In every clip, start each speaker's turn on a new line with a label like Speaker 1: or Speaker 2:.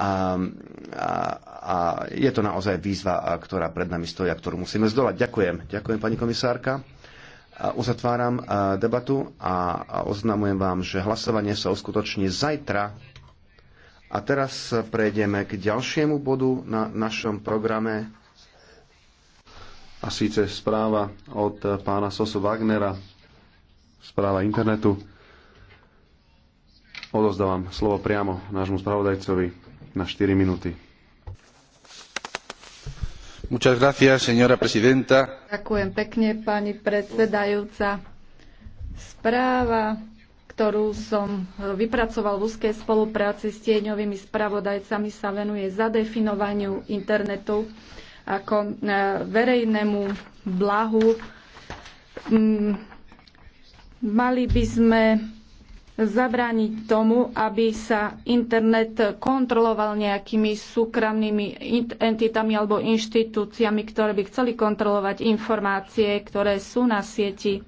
Speaker 1: a, a, a je to naozaj výzva, ktorá pred nami stojí a ktorú musíme zdolať. Ďakujem. Ďakujem, pani komisárka. Uzatváram debatu a oznamujem vám, že hlasovanie sa uskutoční zajtra. A teraz prejdeme k ďalšiemu bodu na našom programe.
Speaker 2: A síce správa od pána Sosu Wagnera, správa internetu. Odozdávam slovo priamo nášmu spravodajcovi na 4 minúty. Gracias,
Speaker 3: Ďakujem
Speaker 4: pekne, pani predsedajúca. Správa, ktorú som vypracoval v úzkej spolupráci s tieňovými spravodajcami, sa venuje zadefinovaniu internetu ako e, verejnému blahu. Mm, mali by sme zabrániť tomu, aby sa internet kontroloval nejakými súkromnými entitami alebo inštitúciami, ktoré by chceli kontrolovať informácie, ktoré sú na sieti.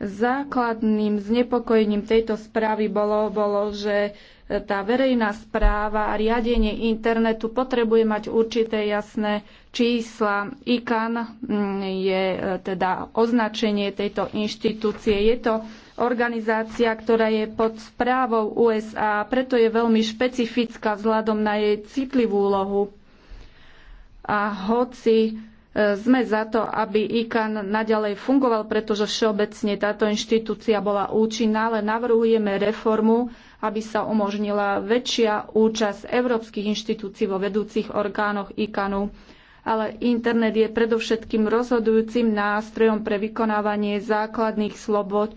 Speaker 4: Základným znepokojením tejto správy bolo, bolo že tá verejná správa a riadenie internetu potrebuje mať určité jasné čísla. ICAN mm, je e, teda označenie tejto inštitúcie. Je to organizácia, ktorá je pod správou USA, preto je veľmi špecifická vzhľadom na jej citlivú úlohu. A hoci e, sme za to, aby ICAN naďalej fungoval, pretože všeobecne táto inštitúcia bola účinná, ale navrhujeme reformu, aby sa umožnila väčšia účasť európskych inštitúcií vo vedúcich orgánoch ICANu. Ale internet je predovšetkým rozhodujúcim nástrojom pre vykonávanie základných slobod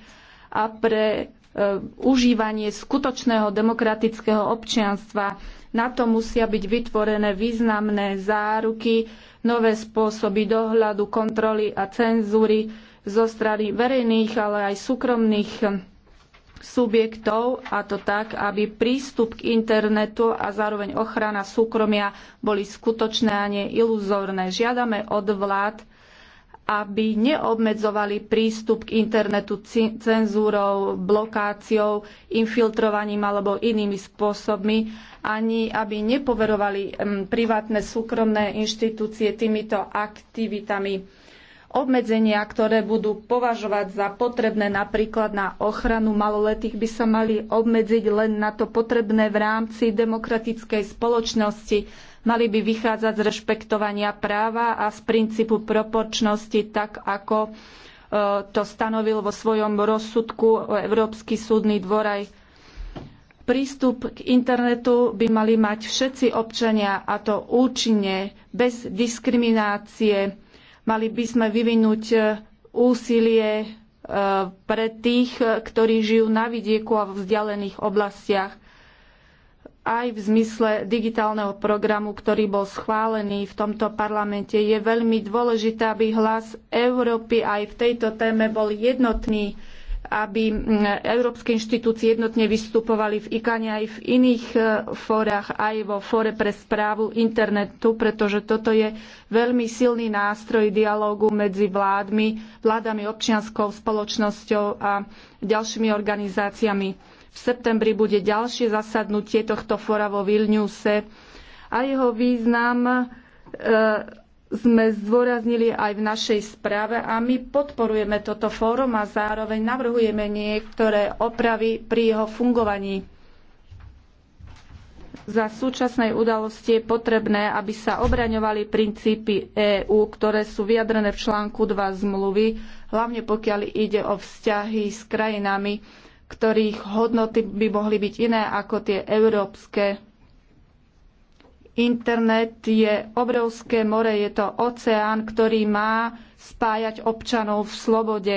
Speaker 4: a pre e, užívanie skutočného demokratického občianstva. Na to musia byť vytvorené významné záruky, nové spôsoby dohľadu, kontroly a cenzúry zo strany verejných, ale aj súkromných subjektov, a to tak, aby prístup k internetu a zároveň ochrana súkromia boli skutočné a nie iluzórne. Žiadame od vlád, aby neobmedzovali prístup k internetu cenzúrou, blokáciou, infiltrovaním alebo inými spôsobmi, ani aby nepoverovali privátne súkromné inštitúcie týmito aktivitami. Obmedzenia, ktoré budú považovať za potrebné napríklad na ochranu maloletých, by sa mali obmedziť len na to potrebné v rámci demokratickej spoločnosti Mali by vychádzať z rešpektovania práva a z princípu proporčnosti, tak ako e, to stanovil vo svojom rozsudku Európsky súdny aj Prístup k internetu by mali mať všetci občania a to účinne, bez diskriminácie. Mali by sme vyvinúť e, úsilie e, pre tých, ktorí žijú na vidieku a v vzdialených oblastiach aj v zmysle digitálneho programu, ktorý bol schválený v tomto parlamente. Je veľmi dôležité, aby hlas Európy aj v tejto téme bol jednotný, aby mm, európske inštitúcie jednotne vystupovali v IKANE aj v iných e, fórach, aj vo fóre pre správu internetu, pretože toto je veľmi silný nástroj dialógu medzi vládmi, vládami občianskou spoločnosťou a ďalšími organizáciami. V septembri bude ďalšie zasadnutie tohto fora vo Vilniuse a jeho význam e, sme zdôraznili aj v našej správe a my podporujeme toto fórum a zároveň navrhujeme niektoré opravy pri jeho fungovaní. Za súčasnej udalosti je potrebné, aby sa obraňovali princípy EÚ, ktoré sú vyjadrené v článku 2 zmluvy, hlavne pokiaľ ide o vzťahy s krajinami, ktorých hodnoty by mohli byť iné ako tie európske. Internet je obrovské more, je to oceán, ktorý má spájať občanov v slobode.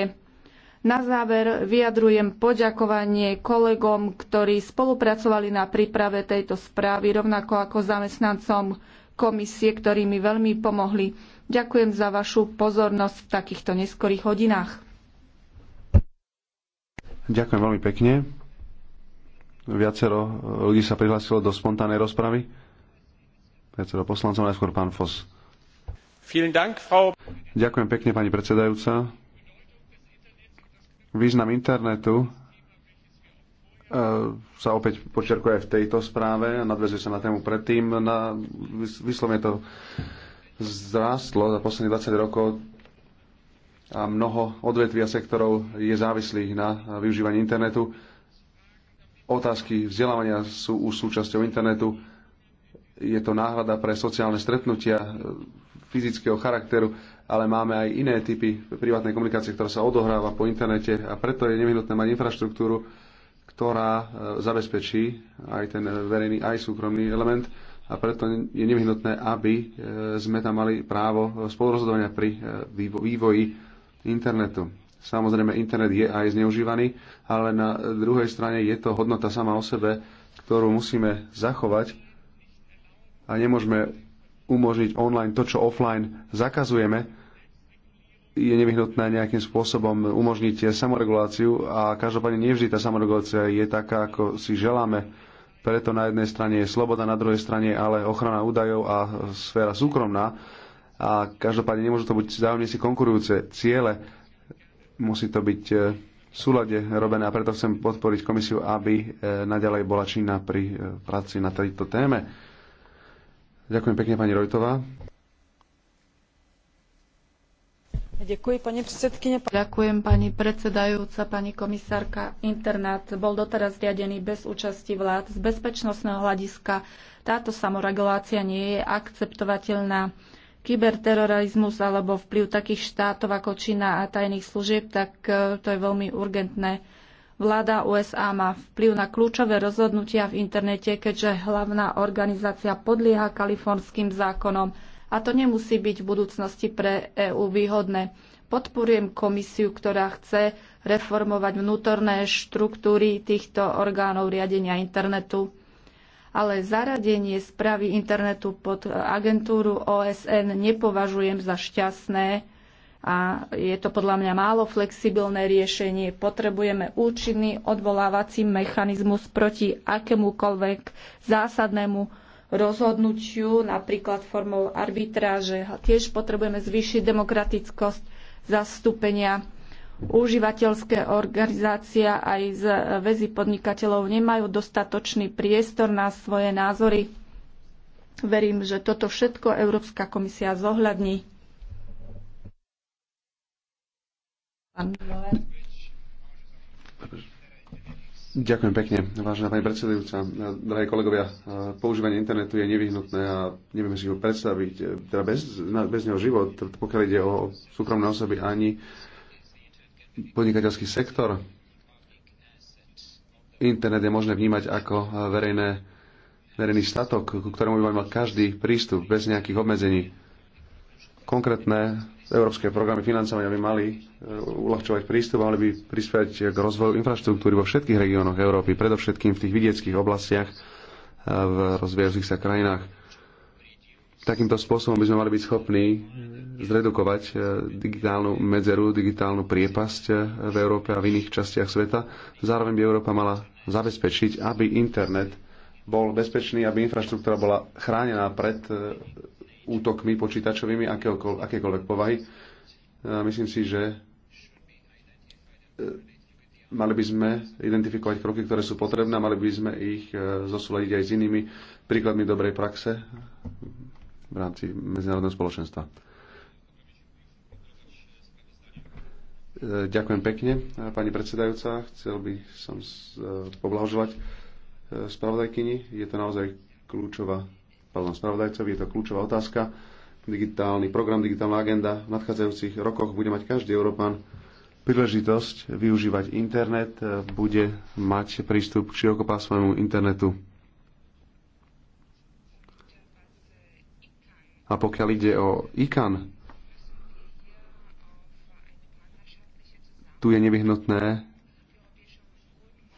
Speaker 4: Na záver vyjadrujem poďakovanie kolegom, ktorí spolupracovali na príprave tejto správy, rovnako ako zamestnancom komisie, ktorí mi veľmi pomohli. Ďakujem za vašu pozornosť v takýchto neskorých hodinách.
Speaker 2: Ďakujem veľmi pekne. Viacero ľudí sa prihlásilo do spontánnej rozpravy. Viacero poslancov, najskôr pán Fos. Ďakujem pekne, pani predsedajúca. Význam internetu e, sa opäť počerkuje v tejto správe a nadvezuje sa na tému predtým. Na, vyslovene to zrástlo za posledných 20 rokov a mnoho odvetví a sektorov je závislých na využívaní internetu. Otázky vzdelávania sú už súčasťou internetu. Je to náhrada pre sociálne stretnutia fyzického charakteru, ale máme aj iné typy privátnej komunikácie, ktorá sa odohráva po internete a preto je nevyhnutné mať infraštruktúru, ktorá e, zabezpečí aj ten verejný, aj súkromný element a preto je nevyhnutné, aby e, sme tam mali právo spolurozhodovania pri e, vývoji internetu. Samozrejme, internet je aj zneužívaný, ale na druhej strane je to hodnota sama o sebe, ktorú musíme zachovať a nemôžeme umožniť online to, čo offline zakazujeme. Je nevyhnutné nejakým spôsobom umožniť samoreguláciu a každopádne nevždy tá samoregulácia je taká, ako si želáme. Preto na jednej strane je sloboda, na druhej strane ale ochrana údajov a sféra súkromná a každopádne nemôžu to byť zájomne si konkurujúce ciele. Musí to byť e, v súlade robené a preto chcem podporiť komisiu, aby e, naďalej bola činná pri e, práci na tejto téme. Ďakujem pekne pani Rojtová.
Speaker 4: Ďakujem pani, Ďakujem pani predsedajúca, pani komisárka. Internát bol doteraz riadený bez účasti vlád. Z bezpečnostného hľadiska táto samoregulácia nie je akceptovateľná kyberterorizmus alebo vplyv takých štátov ako Čína a tajných služieb, tak e, to je veľmi urgentné. Vláda USA má vplyv na kľúčové rozhodnutia v internete, keďže hlavná organizácia podlieha kalifornským zákonom a to nemusí byť v budúcnosti pre EÚ výhodné. Podporujem komisiu, ktorá chce reformovať vnútorné štruktúry týchto orgánov riadenia internetu ale zaradenie správy internetu pod agentúru OSN nepovažujem za šťastné a je to podľa mňa málo flexibilné riešenie. Potrebujeme účinný odvolávací mechanizmus proti akémukoľvek zásadnému rozhodnutiu, napríklad formou arbitráže. Tiež potrebujeme zvýšiť demokratickosť zastúpenia užívateľské organizácia aj z väzy podnikateľov nemajú dostatočný priestor na svoje názory. Verím, že toto všetko Európska komisia zohľadní.
Speaker 2: Ďakujem pekne, vážená pani predsedajúca. Drahí kolegovia, používanie internetu je nevyhnutné a nevieme si ho predstaviť. Teda bez, bez neho život, pokiaľ ide o súkromné osoby, ani podnikateľský sektor. Internet je možné vnímať ako verejné, verejný statok, ku ktorému by mal každý prístup bez nejakých obmedzení. Konkrétne európske programy financovania by mali e, uľahčovať prístup a mali by prispievať k rozvoju infraštruktúry vo všetkých regiónoch Európy, predovšetkým v tých vidieckých oblastiach, v rozvíjajúcich sa krajinách Takýmto spôsobom by sme mali byť schopní zredukovať e, digitálnu medzeru, digitálnu priepasť e, v Európe a v iných častiach sveta. Zároveň by Európa mala zabezpečiť, aby internet bol bezpečný, aby infraštruktúra bola chránená pred e, útokmi počítačovými akékoľvek povahy. Myslím si, že mali by sme identifikovať kroky, ktoré sú potrebné, mali by sme ich zosúľadiť aj s inými príkladmi dobrej praxe v rámci medzinárodného spoločenstva. E, ďakujem pekne, pani predsedajúca. Chcel by som e, poblahoželať e, spravodajkyni. Je to naozaj kľúčová, pardon, spravodajcovi, je to kľúčová otázka. Digitálny program, digitálna agenda v nadchádzajúcich rokoch bude mať každý Európan príležitosť využívať internet, bude mať prístup k širokopásmovému internetu A pokiaľ ide o ICAN, tu je nevyhnutné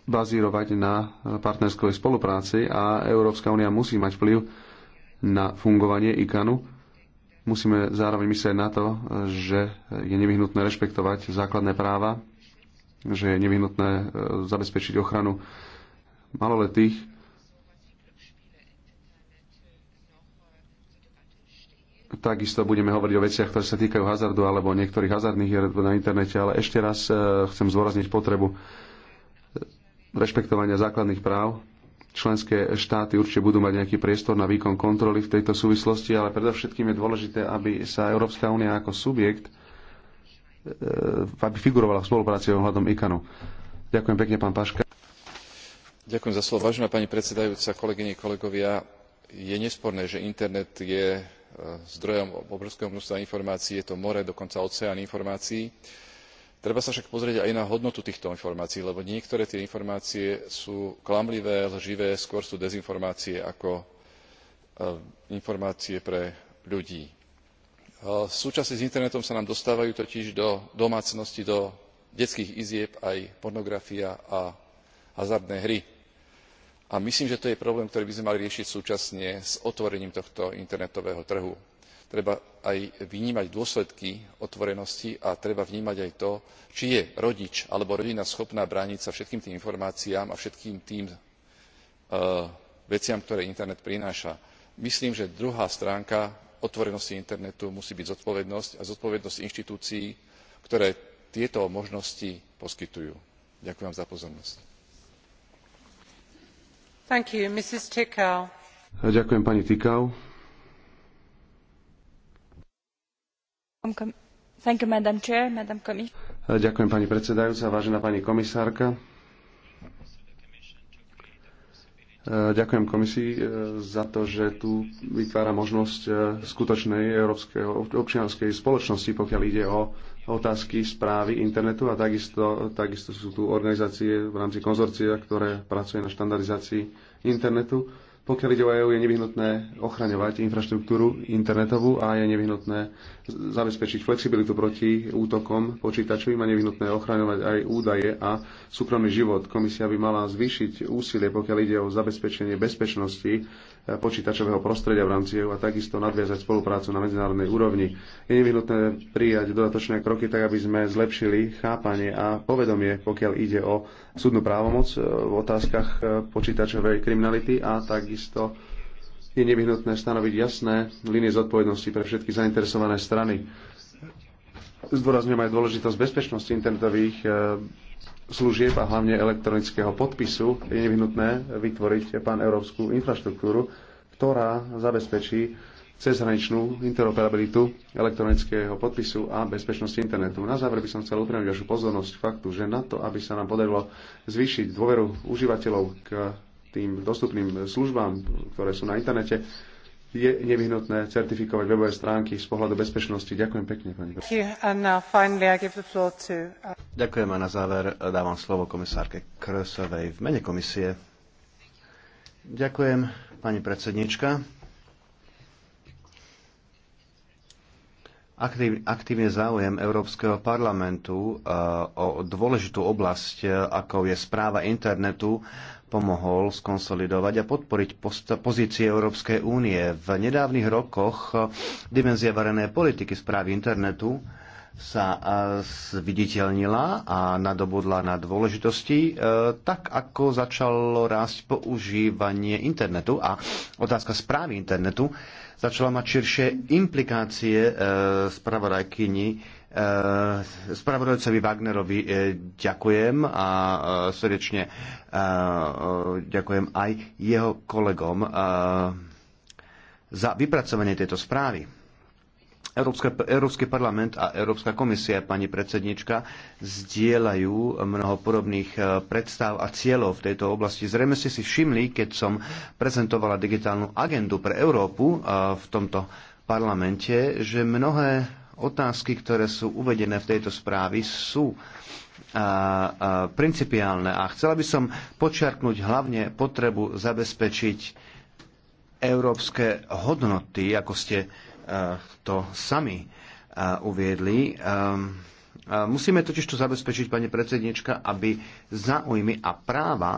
Speaker 2: bazírovať na partnerskej spolupráci a Európska únia musí mať vplyv na fungovanie IKANu. Musíme zároveň myslieť na to, že je nevyhnutné rešpektovať základné práva, že je nevyhnutné e, zabezpečiť ochranu maloletých Takisto budeme hovoriť o veciach, ktoré sa týkajú hazardu alebo niektorých hazardných hier na internete, ale ešte raz e, chcem zdôrazniť potrebu rešpektovania základných práv. Členské štáty určite budú mať nejaký priestor na výkon kontroly v tejto súvislosti, ale predovšetkým je dôležité, aby sa Európska únia ako subjekt e, aby figurovala v spolupráci ohľadom IKANu. Ďakujem pekne, pán Paška.
Speaker 3: Ďakujem za slovo. Vážená pani predsedajúca, kolegyne, kolegovia, je nesporné, že internet je E, zdrojom obrovského množstva informácií je to more dokonca oceán informácií. treba sa však pozrieť aj na hodnotu týchto informácií lebo niektoré tie informácie sú klamlivé lživé skôr sú dezinformácie ako e, informácie pre ľudí. E, súčasne s internetom sa nám dostávajú totiž do domácností do detských izieb aj pornografia a hazardné hry a myslím že to je problém ktorý by sme mali riešiť súčasne s otvorením tohto internetového trhu. treba aj vnímať dôsledky otvorenosti a treba vnímať aj to či je rodič alebo rodina schopná brániť sa všetkým tým informáciám a všetkým tým e, veciam ktoré internet prináša. myslím že druhá stránka otvorenosti internetu musí byť zodpovednosť a zodpovednosť inštitúcií ktoré tieto možnosti poskytujú. ďakujem vám za pozornosť.
Speaker 2: Thank you, Mrs. Tikau. Ďakujem pani Tikau.
Speaker 4: Um, thank you, Madam Chair, Madam Committee.
Speaker 2: Ďakujem pani predsedajúca, vážená pani komisárka. Eh, ďakujem komisii eh, za to, že tu vytvára možnosť eh, skutočnej európskej občianskej spoločnosti, pokiaľ ide o otázky správy internetu a takisto, takisto sú tu organizácie v rámci konzorcia, ktoré pracuje na štandardizácii internetu. Pokiaľ ide o EU, je nevyhnutné ochraňovať infraštruktúru internetovú a je nevyhnutné zabezpečiť flexibilitu proti útokom počítačovým a nevyhnutné ochraňovať aj údaje a súkromný život. Komisia by mala zvýšiť úsilie, pokiaľ ide o zabezpečenie bezpečnosti E, počítačového prostredia v rámci EU a takisto nadviazať spoluprácu na medzinárodnej úrovni. Je nevyhnutné prijať dodatočné kroky tak, aby sme zlepšili chápanie a povedomie, pokiaľ ide o súdnu právomoc e, v otázkach e, počítačovej kriminality a takisto je nevyhnutné stanoviť jasné línie zodpovednosti pre všetky zainteresované strany Zdôrazňujem aj dôležitosť bezpečnosti internetových e, služieb a hlavne elektronického podpisu. Je nevyhnutné vytvoriť e, pán európsku infraštruktúru, ktorá zabezpečí cezhraničnú interoperabilitu elektronického podpisu a bezpečnosti internetu. Na záver by som chcel upriamiť vašu pozornosť faktu, že na to, aby sa nám podarilo zvýšiť dôveru užívateľov k tým dostupným službám, ktoré sú na internete, je nevyhnutné certifikovať webové stránky z pohľadu bezpečnosti. Ďakujem pekne, pani. Uh, Ďakujem a na záver dávam slovo komisárke
Speaker 1: Krösovej v mene komisie. Ďakujem, pani predsednička. aktívne záujem Európskeho parlamentu uh, o dôležitú oblasť, uh, ako je správa internetu, pomohol skonsolidovať a podporiť pozície Európskej únie. V nedávnych rokoch dimenzia varené politiky správy internetu sa zviditeľnila a nadobudla na dôležitosti, e, tak ako začalo rásť používanie internetu a otázka správy internetu začala mať širšie implikácie e, spravodajkyni e, spravodajcovi Wagnerovi ďakujem a srdečne ďakujem aj jeho kolegom za vypracovanie tejto správy. Európska, Európsky parlament a Európska komisia, pani predsednička, zdieľajú mnoho podobných e, predstav a cieľov v tejto oblasti. Zrejme ste si všimli, keď som prezentovala digitálnu agendu pre Európu e, v tomto parlamente, že mnohé otázky, ktoré sú uvedené v tejto správy, sú a, e, a principiálne. A chcela by som počiarknúť hlavne potrebu zabezpečiť európske hodnoty, ako ste Eh, to sami eh, uviedli. Ehm, eh, musíme totiž to zabezpečiť, pani predsednička, aby záujmy a práva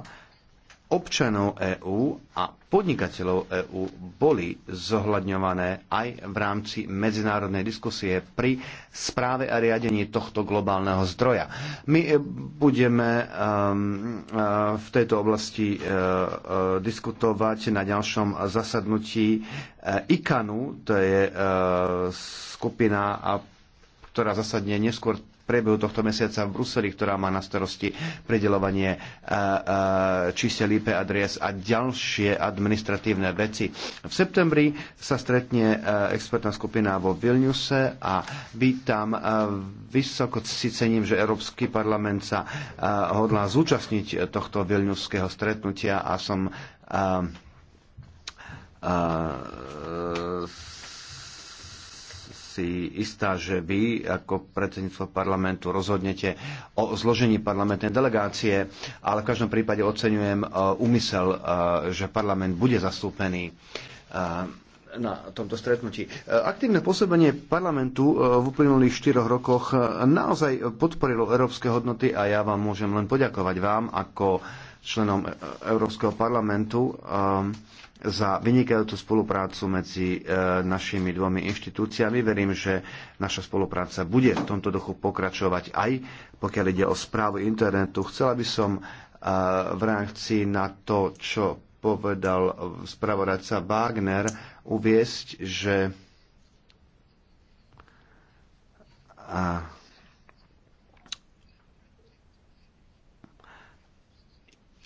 Speaker 1: občanov EÚ a podnikateľov EÚ boli zohľadňované aj v rámci medzinárodnej diskusie pri správe a riadení tohto globálneho zdroja. My e, budeme ehm, e, v tejto oblasti e, diskutovať na ďalšom zasadnutí ICANu, to je skupina ktorá zasadne neskôr priebehu tohto mesiaca v Bruseli, ktorá má na starosti predelovanie eh, eh, čísel IP adres a ďalšie administratívne veci. V septembri sa stretne eh, expertná skupina vo Vilniuse a vítam vysoko si cením, že Európsky parlament sa hodlá zúčastniť tohto vilniuského stretnutia a som a, a, si istá, že vy ako predsedníctvo parlamentu rozhodnete o zložení parlamentnej delegácie, ale v každom prípade oceňujem e, úmysel, e, že parlament bude zastúpený e, na tomto stretnutí. Aktívne pôsobenie parlamentu v uplynulých štyroch rokoch naozaj podporilo európske hodnoty a ja vám môžem len poďakovať vám ako členom e, Európskeho parlamentu e, za vynikajúcu spoluprácu medzi e, našimi dvomi inštitúciami. Verím, že naša spolupráca bude v tomto duchu pokračovať aj pokiaľ ide o správu internetu. Chcela by som v reakcii na to, čo povedal spravodajca Wagner, uviesť, že a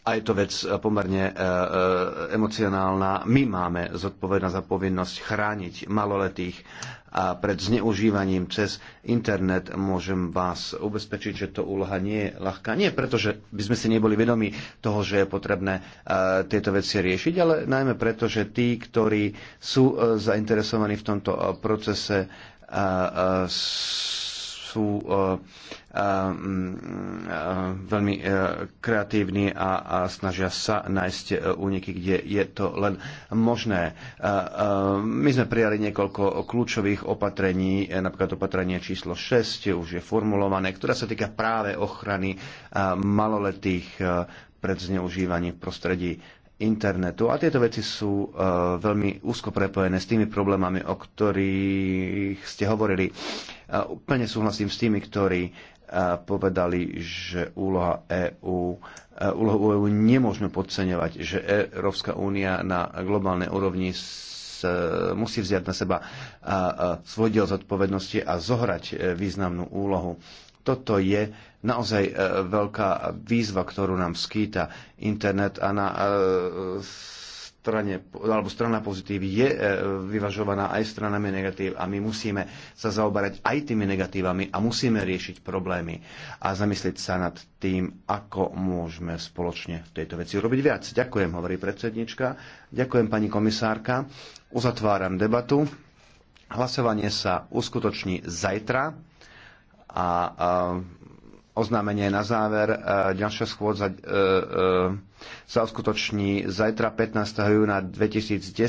Speaker 1: a je to vec eh, pomerne eh, eh, emocionálna. My máme zodpovednosť za povinnosť chrániť maloletých a pred zneužívaním cez internet môžem vás ubezpečiť, že to úloha nie je ľahká. Nie preto, že by sme si neboli vedomi toho, že je potrebné tieto veci riešiť, ale najmä preto, že tí, ktorí sú zainteresovaní v tomto procese, sú eh, eh, mm, eh, veľmi kreatívni a snažia sa nájsť úniky, kde je to len možné. My sme prijali niekoľko kľúčových opatrení, napríklad opatrenie číslo 6 už je formulované, ktoré sa týka práve ochrany maloletých pred zneužívaním v prostredí internetu. A tieto veci sú e, veľmi úzko prepojené s tými problémami, o ktorých ste hovorili. E, úplne súhlasím s tými, ktorí e, povedali, že úloha EÚ úlohu EU nemôžeme podceňovať, že Európska únia na globálnej úrovni musí vziať na seba svoj diel zodpovednosti a zohrať významnú úlohu. Toto je naozaj e, veľká výzva, ktorú nám skýta internet a na e, strane, alebo strana pozitív je e, vyvažovaná aj stranami negatív a my musíme sa zaoberať aj tými negatívami a musíme riešiť problémy a zamyslieť sa nad tým, ako môžeme spoločne v tejto veci urobiť viac. Ďakujem, hovorí predsednička. Ďakujem, pani komisárka. Uzatváram debatu. Hlasovanie sa uskutoční zajtra a eh, oznámenie na záver. Eh, ďalšia schôdza eh, sa uskutoční zajtra 15. júna 2010